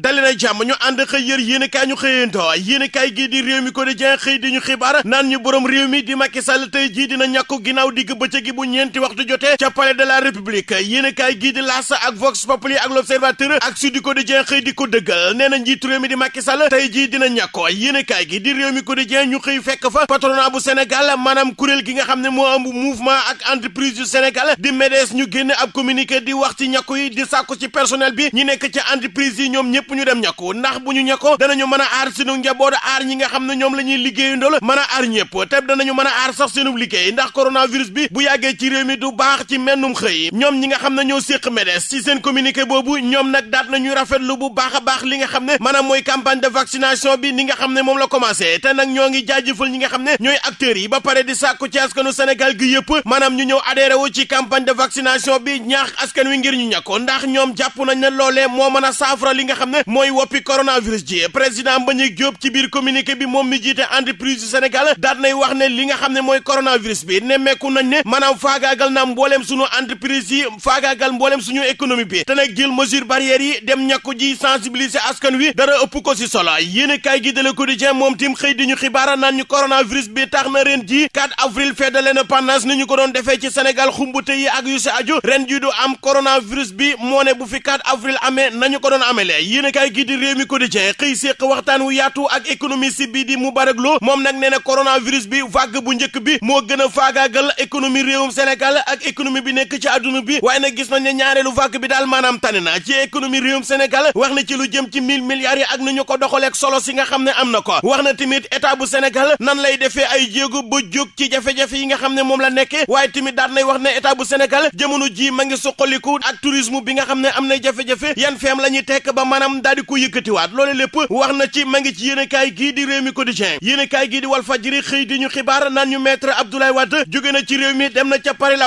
dali na jàmm ñu ànd xëy yër yéen ñu xëyantoo yéen kaay gii di réew mi ko di jen xëy di ñu xibaar naan ñu borom réew mi di Macky Sall tey jii dina ñàkku ginnaaw digg bëccëg gi bu ñeenti waxtu jotee ca palais de la république yéen kaay gii di laas ak Vox Populi ak l'observateur ak Sud Quotidien xëy di ko dëggal nee na njiitu réew mi di Macky Sall tey jii dina ñàkkoo yéen gi di réew mi Quotidien ñu xëy fekk fa patronat bu Sénégal maanaam kuréel gi nga xam ne moo ëmb mouvement ak entreprise yu Sénégal di MEDES ñu génn ab communiqué di wax ci ñàkku yi di sàkku ci personnel bi ñi nekk ci entreprise yi ñoom ñëpp ñëpp ñu dem ñakku ndax bu ñu ñakko danañu mën a aar sunu njaboot aar ñi nga xam ne ñoom la ñuy liggéeyandoo mën a aar ñëpp te danañu mën a aar sax sunu liggéey ndax coronavirus bi bu yàggee ci réew mi du baax ci mennum xëy ñoom ñi nga xam ne ñoo séq MEDES ci seen communiqué boobu ñoom nag daat nañuy rafetlu bu baax baax li nga xam ne maanaam mooy campagne de vaccination bi ni nga xam ne moom la commencé te nag ñoo ngi jaajëfal ñi nga xam ne ñooy acteurs yi ba pare di sàkku ci maanaam ñu ñëw adhéré ci campagne de vaccination bi ñaax askan wi ngir ñu ñàkko ndax ñoom jàpp nañ ne moo mën a saafara li nga xam génn mooy woppi coronavirus ji président Mbagnick Diop ci biir communiqué bi moom mi jiite entreprise du Sénégal daat nay wax ne li nga xam ne mooy coronavirus bi nemmeeku nañ ne maanaam faagaagal na mbooleem suñu entreprise yi faagaagal mbooleem suñu économie bi te nag jël mesure barrière yi dem ñàkku ji sensibiliser askan wi dara ëpp ko si solo yéen kaay gi de Le Quotidien moom tim xëy di ñu xibaara naan ñu coronavirus bi tax na ren ji 4 avril fête ñu ko doon defee ci Sénégal xumbute yi ak yu si aju ren ji bi moo bu fi 4 avril amee nañu ko doon amelee yéen a kaay gi di réew mi xëy séq waxtaan wu yaatu ak économiste bi di Moubarak Lo moom nag nee na coronavirus bi vague bu njëkk bi moo gën a faagaagal réew réewum Sénégal ak économie bi nekk ci àdduna bi waaye nag gis nañ ne ñaareelu vague bi daal maanaam tane na ci économie réewum Sénégal wax na ci lu jëm ci mill milliards yi ak nu ñu ko doxoleek solo si nga xam ne am na ko wax na tamit état bu Sénégal nan lay defee ay jéego bu jóg ci jafe-jafe yi nga xam ne moom la nekkee waaye tamit daal nay wax ne état bu Sénégal jamono ji ma ngi suqaliku ak tourisme bi nga xam ne am na jafe-jafe la ñuy tekk ba maanaam moom daal di ko yëkkatiwaat loole lépp wax na ci ma ngi ci yéen a kaay gii di réew mi quotidien yéen a kaay gii di Walfadjri xëy di ñu xibaar naan ñu maître Abdoulaye Wade jóge na ci réew dem na ca Paris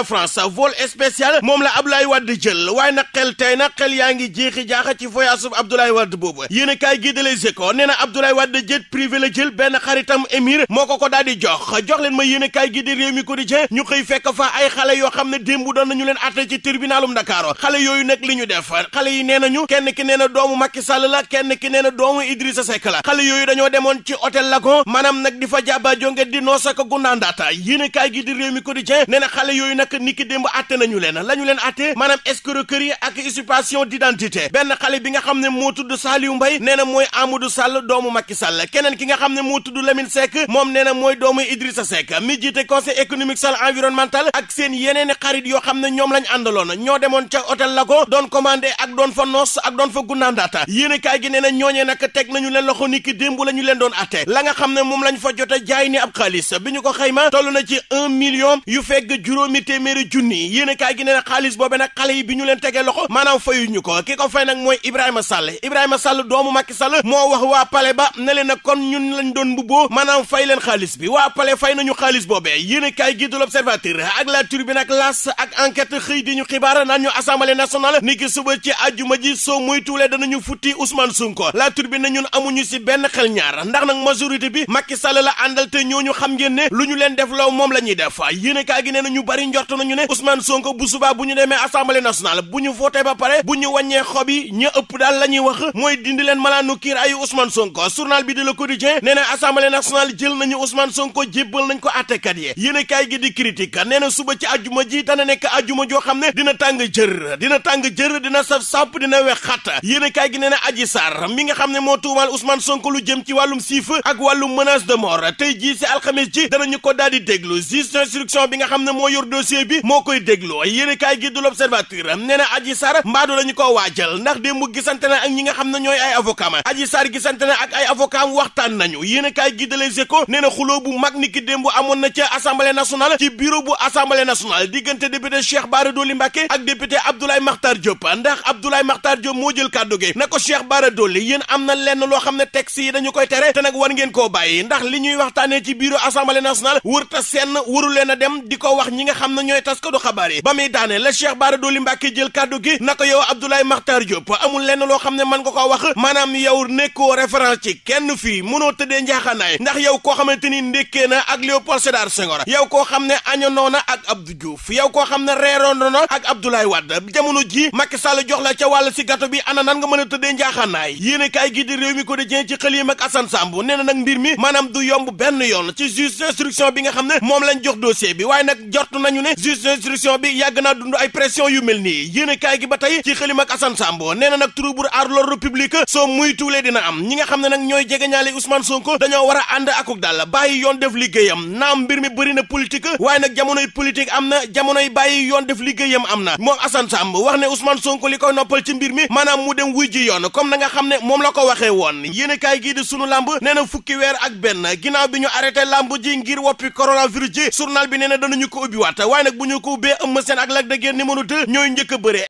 vol spécial moom la Abdoulaye Wade jël waaye na xel tey na xel yaa ngi jeexi jaaxa ci voyage bu Abdoulaye Wade boobu yéen a kaay gii di Les Échos nee na Abdoulaye Wade jet privé la jël benn xaritam émir moo ko ko daal di jox jox leen ma y a kaay gii di réew mi quotidien ñu xëy fekk fa ay xale yoo xam ne démb doon nañu leen atte ci tribunalum Dakar xale yooyu nag li ñu def xale yi nee nañu kenn ki nee na doomu Macky Macky Sall la kenn ki nee na doomu Idrissa Seck la xale yooyu dañoo demoon ci hôtel Lagon maanaam nag di fa jàbba jonge di noos ak gundaandaata yéen kaay gi di réew mi quotidien nee na xale yooyu nag niki démb àtte nañu leen la ñu leen àtte maanaam escroquerie ak usurpation d'identité benn xale bi nga xam ne moo tudd Saliou Mbaye nee na mooy Amadou Sall doomu Macky Sall keneen ki nga xam ne moo tudd Lamine Seck moom nee na mooy doomu Idrissa Seck mi jiite conseil économique social environnemental ak seen yeneen xarit yoo xam ne ñoom lañ àndaloon ñoo demoon ca hôtel Lagon doon commandé ak doon fa noos ak doon fa yéen i gi nee na ñooñee nag teg nañu leen loxo niki démb la ñu leen doon atte la nga xam ne moom lañ fa jot a jaay ni ab xaalis bi ñu ko xayma toll na ci un million yu fegg juróomi téeméeri junni yéen i kaay gi nee na xaalis boobe nag xale yi bi ñu leen tegee loxo maanaam fayuñu ko ki ko fay nag mooy Ibrahima Sall Ibrahima Sall doomu Macky Sall moo wax waa pale ba ne leen nag kon ñun lañ doon mbubboo maanaam fay leen xaalis bi waa pale fay nañu xaalis boobe yéen i kaay gi du l'Observateur ak La Tribune ak L'As ak enquête xëy di ñu xibaar naan ñu assemblée nationale niki suba ci àjjuma ji soo moytuwulee danañu futti Ousmane Sonko la turbine ñun amuñu si benn xel ñaar ndax nag majorité bi Macky Sall la àndal te ñooñu xam ngeen ne lu ñu leen def law moom la ñuy def yéene kaa gi nee na ñu bari njort ñu ne Ousmane Sonko bu subaa bu ñu demee assemblée nationale bu ñu voté ba pare bu ñu wàññee xob yi ëpp daal la ñuy wax mooy dindi leen malaanu kiir ayu Ousmane Sonko journal bi de Le Quotidien nee na assemblée nationale jël nañu Ousmane Sonko jébbal nañ ko àttekat yi yéene kaay gi di critique nee na suba ci ajuma ji dana nekk ajuma joo xam ne dina tàng jër dina tàng jër dina saf sàpp dina wex xat yéene kaay gi nee na Adji Sarr mi nga xam ne moo tuumaal Ousmane Sonko lu jëm ci wàllum siif ak wàllum menace de mort tey jii si alxames ji danañu ko daal di déglu juge d'instruction bi nga xam ne moo yor dossier bi moo koy déglu yéen kaay gi du l'observateur nee na Adji Sarr mbaadu lañu ko waajal ndax démb gisante na ak ñi nga xam ne ñooy ay avocat ma Adji Sarr gisante na ak ay avocat am waxtaan nañu yéen kaay gi de Les Échos nee na xuloo bu mag ni ki démb amoon na ca assemblée nationale ci bureau bu assemblée nationale diggante député Cheikh Bara Dolly Mbacké ak député Abdoulaye Makhtar Diop ndax Abdoulaye Makhtar Diop moo jël kàddu gi ko Cheikh Bara Dolly yéen am na lenn loo xam ne texte yi dañu koy tere te nag war ngeen koo bàyyi ndax li ñuy waxtaanee ci bureau assemblée nationale wërta senn waru leen a dem di ko wax ñi nga xam ne ñooy tas ko du xabaar yi ba muy daane la Cheikh Bara Dolly Mbacké jël kàddu gi na ko yow Abdoulaye Makhtar Diop amul lenn loo xam ne mën nga ko wax maanaam yow nekkoo référence ci kenn fii mënoo tëddee njaaxanaay ndax yow koo xamante ni ndékkee na ak Léopold Sédar koo xam ne añanoo na ak Abdou Diouf koo xam ne reeroon na ak Abdoulaye Wade jamono ji Macky Sall jox la ca tëddee njaaxaanaay yéene kaay gi di réew mi quotidien ci xëlim ak Assane Samb nee na nag mbir mi maanaam du yomb benn yoon ci juge d'instruction bi nga xam ne moom lañ jox dossier bi waaye nag jot nañu ne juge d'instruction bi yàgg naa dund ay pression yu mel nii yéene kaay gi ba tey ci xëlim ak Assane Samb nee na nag trouble à l'ordre public soo muy tuulee dina am ñi nga xam ne nag ñooy jege jegeñaale Ousmane Sonko dañoo war ànd ak akuk dal bàyyi yoon def liggéeyam naam mbir mi bëri na politique waaye nag jamonoy politique am na jamonoy bàyyi yoon def liggéeyam am na moom Assane wax ne Ousmane Sonko li koy noppal ci mbir mi maanaam yoon comme na nga xam ne moom la ko waxee woon yéenekaay gii di sunu lamb nee fukki weer ak benn ginaaw bi ñu arrêté lamb ji ngir woppi coronavirus ji journal bi nee na danañu ko ubbiwaat waaye nag bu ñu ko bee Eumeu Sène ak Lac de Guiers numéro 2 ñooy njëkk a bëree